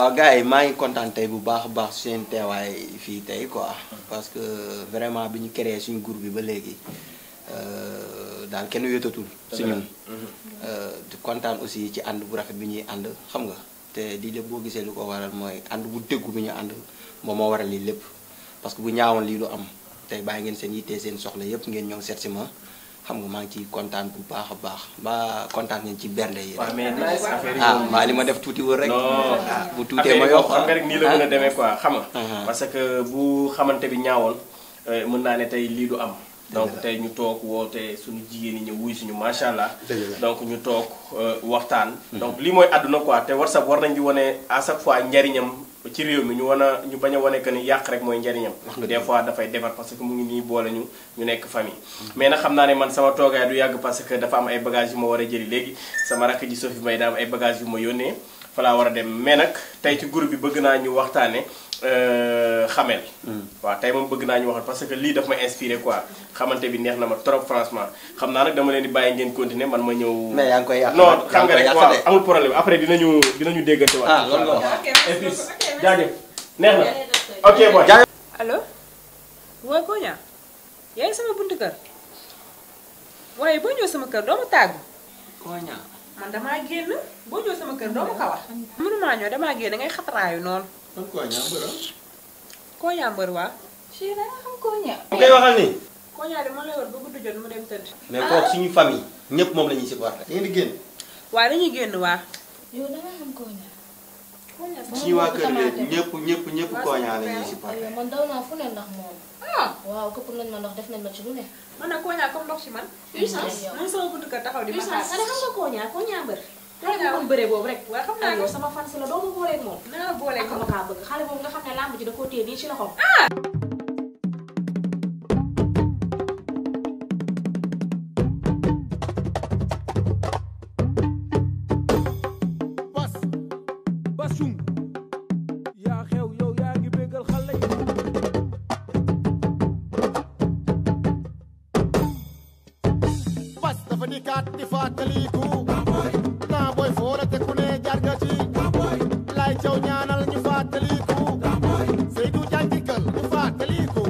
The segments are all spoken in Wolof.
waaw gars yi maa ngi kontaan tey bu baax a baax seen teewaay fii tey quoi parce que vraiment bi ñu créé suñu groupe bi ba léegi euh, daal kenn wéetatul si ñun euh, kontaan aussi ci ànd bu rafet bi ñuy ànd xam nga te di lépp boo gisee lu ko waral mooy ànd bu déggu bi ñu ànd moom moo waral lii lépp parce que bu ñaawoon lii lu am tey bàyyi ngeen seen yittee seen soxla yépp ngeen ñëw seet si ma xam nga maa ngi ciy kontaan bu baax a baax mbaa kontaan nii ci bernde yi. waaw mais ah li ma def tuuti wër rek. Ah, bu tuutee ma yokk affaire ah. rek nii la mën ah. demee quoi xam nga. parce que bu xamante bi ñaawoon euh, mën naa ne tey lii du am. donc tey ñu toog woote suñu jigéen ñi ñëw wuy suñu macha allah. donc ñu toog euh, waxtaan. Hmm. donc lii mooy àdduna quoi te WhatsApp war nañ di wane à chaque fois njariñam. ci réew mi ñu wan ñu bañ a wane que ni yàq rek mooy njariñam des fois dafay defar parce que mu ngi nii boole ñu nekk famille mais na xam naa ne man sama toogaay du yàgg parce que dafa am ay bagages yu a jëli léegi sama rakk ji Sophie Mbaye am ay bagages yu ma yónnee fa laa war a dem tey ci groupe bi bëgg naa ñu waxtaane euh, xamel hmm. waaw tey moom bëgg naa ñu waxal parce que lii daf ma inspiré quoi xamante bi neex na ma trop franchement xam naa nag dama leen di bàyyi ngeen continuer man ma ñëw mais yaa ngi koy yàq non xam nga rek waaw amul problème après dinañu dinañu déggante waat ah, Jadi, neex Oke ok boy allo wooy koña yaay sama buntu kër waaye boo ñëw sama kër doo ma tàggu koña man damaa sama kër doo ma ko wax mënumaa ñëw damaa génn ngay xataraayu noonu kon koña mbër koña mbër waa ci da nga xam koña mu koy waxal ni koña de ma lay war ba gudd jot mu di génn waaye dañuy génn waa yow koña suñu waa kër léegi ñëpp ñëpp ñëpp koña la ñuy supporté man daw naa fu ne ndax moom. Ah! waaw këpp nañ ma ndox def nañ ma ci lu ne. man nag koña comme ndox ci man. puissance man sama buntu kër taxaw di ma xaar puissance xam mbër. koña moom ma kaa bëgg xale boobu nga xam ne làmb ji da téye nii ci loxoom. Ah! fàttaliku naa booy foora ku ne jaar lay caw ñaanal ñu fàttaliku Seydou Diagne dikkal ñu fàttaliku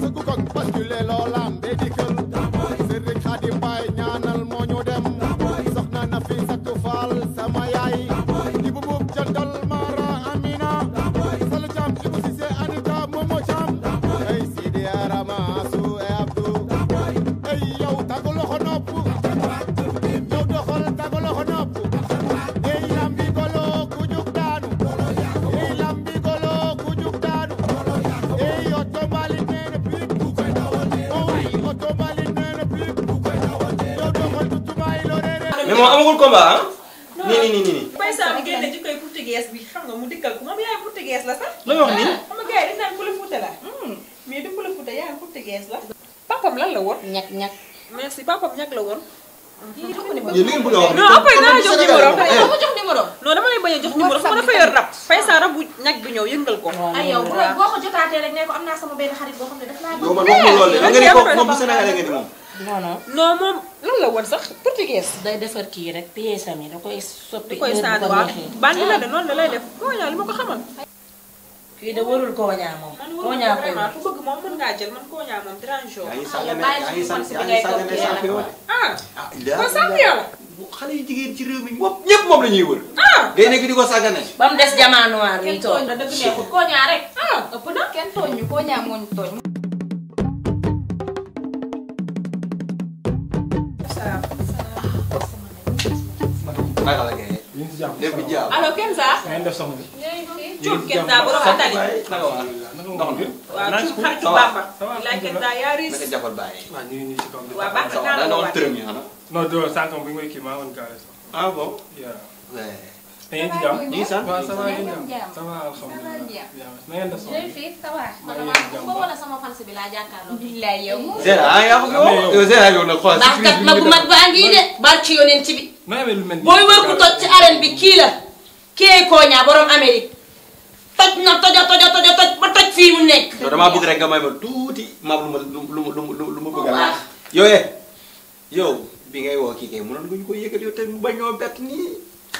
su ku ko moom amagul combat ah. Nih nih nih nih. Mbaye ni génne jikkoy portugais bi xam nga mu dëkkal ko moom yaay portugais la sax. looy wax nii. xam nga gars yi dañ naan Couleur Fouta la. mais du Couleur Fouta yaay portugais la. papam lan la woon. ñak ñak. merci papam ñak la woon. yéen li ngeen bëgg a wax. non après naa jox non a jox numéro fu yor ñak bi sama xarit daf man nga ni non lool non moom lan la woon sax portugais. day defar kii rek pièces yi da koy soppi. da koy sànni waaw la de noonu la lay def kooñaa li ma ko xamal. kii de warul kooñaa moom. kooñaa koy man ku bëgg moom mën ngaa jël man kooñaa moom dérange wu. Ah. Ah, xale yu jigéen ci réew mi ñëpp ñëpp moom la ñuy wër. Ah. day nekk di ko sàggane. ba mu des jamono waay mi toog kenn tooñ la dëgg neexul kooñaa rek. ëpp na kenn tooñ ñu kooñaa moo tooñ. naka la kay. ñu ngi si jàmm lépp jàmm. allo Kenza. na ngeen def soxna bi. Cuub Kenza borom Atali. naka waa ndox mi. waaw Cuub xaritu Bamba. laaj Kenza yaa riis. naka jafar bàyyi. waaw ñu ngi nii si kaw bi. waaw baax na te yéen ci jàmm ñu ngi sant waaw ça va yéen jàmm ça va alhamdulilah na ngeen def soxna bi wala sama fans bi laa jàkkaarloo. billaay yow. Zera yaa ko yow Zera yow nag xoolal. baaskat ma bu mag baa ngi de baal ci yonent bi. booy wër ku toj ci arène bi kii la. kii Koña borom Amérique. toj na toj a toj a toj a toj ba toj fii mu nekk. non damaa bëgg rek nga may ma tuuti ma lu ma lu ma lu ma lu ma bëgg a laaj. yow eh, yow bi ngay woo kii kay mënoon nga ñu ko yëgal yow tey mu bañoo bett nii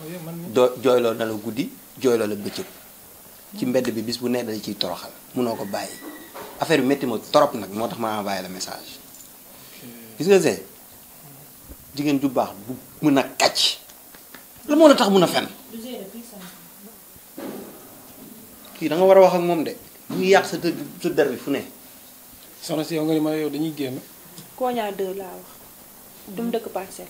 Oh, iya, joylo na la gudi joylo la beccu ci mbedd bi bis bu ne da ci toroxal muno ko baye affaire metti mo torop nak motax ma envoyé le message gis nga see jigéen du bax bu meuna katch la mo la tax mën fen ki da nga wara wax ak mom de bu yak sa tu sa bi fu ne soxna si yow nga ni ma yow dañuy genn koña deux la wax dum deuk parcelle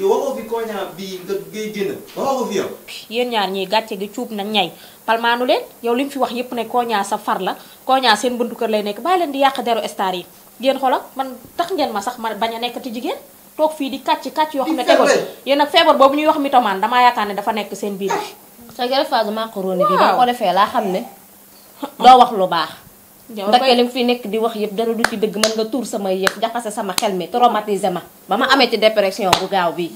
yow waxoo fi koña bii nga ngay génn waxoo ko fi yow. yéen ñaar ñii gàcce gi cuub na ñay palmaanu leen yow li mu fi wax yépp ne koña sa far la koña seen buntu kër lay nekk bàyyi leen di yàq deru star yi yéen xoola man tax ngeen ma sax ma bañ a nekkati jigéen toog fii di kàcc kàcc yoo xam ne tegul yéen nag feebar boobu ñuy wax mitomaan damaa yaakaar ne dafa nekk seen biir. sa gërëm phase macaroni bi. waaw boo ko laa xam ne doo wax lu baax. ndax li fi nek di wax yeb dara du ci deug man nga tour sama yeb jaxasse sama xel mi traumatisé ma bama amé ci dépression bu gaaw bi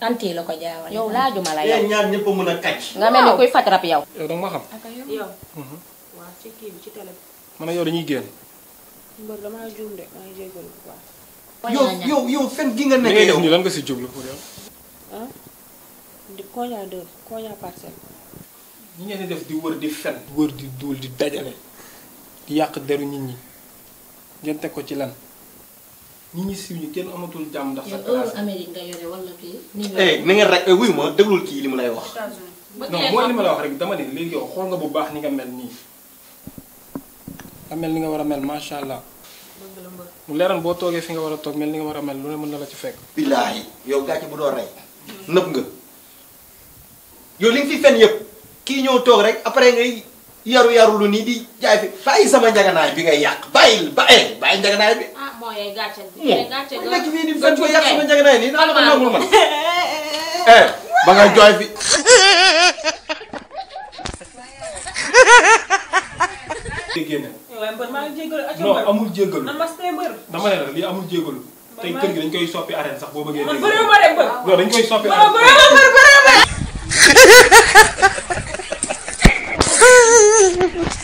anti lako ko yow la laajuma la yow ñaar ñepp mëna a nga melni ni kuy faj rab yow yow danga ma xam yow wa ci ki bi ci télé bi man yow dañuy gën mbër dama juum de maa ngi jégalu yow yow yow fen gi nga nek yow ñu lan nga si jublu ko yow ah di koña deux koña parcelle ñi ngeen def di wër di fen wër di duul di dajalé ya? di yàq deru nit ñi ngeen teg ko ci lan nit ñi siiw ñi kenn amatul jàmm ndax sa classe Amérique wala eh na ngeen rek eh, wuy ma déglul kii li mu lay wax non mooy li ma la wax rek dama ne léegi yow xool nga bu baax ni nga mel nii nga mel ni nga war a mel macha allah mu leeral boo toogee fi nga war a toog mel ni nga war a mel lu ne mën na la ci fekk billahi yow ci bu doo rey nëb nga yow li nga fi fen yëpp kii ñëw toog rek après ngay yaru yaru lu ni di jay fi bàyyi sama njaganaay bi ngay yak bayil ba eh njaganaay bi. ah moye yee gàcce bi. yee gàcce bi nekk fii yak fan ko yàq sama njaganaay nii naa la man. eh ba nga joy fi. génn. waaye mbër maa ngi jégalu ak non amul jégalu. namaste mbër. dama ne la lii amul jégalu. tey kër gi dañ koy soppi arène sax boo bëggee. man non dañ koy soppi arène. man bëree ma mbër bëree Thank you.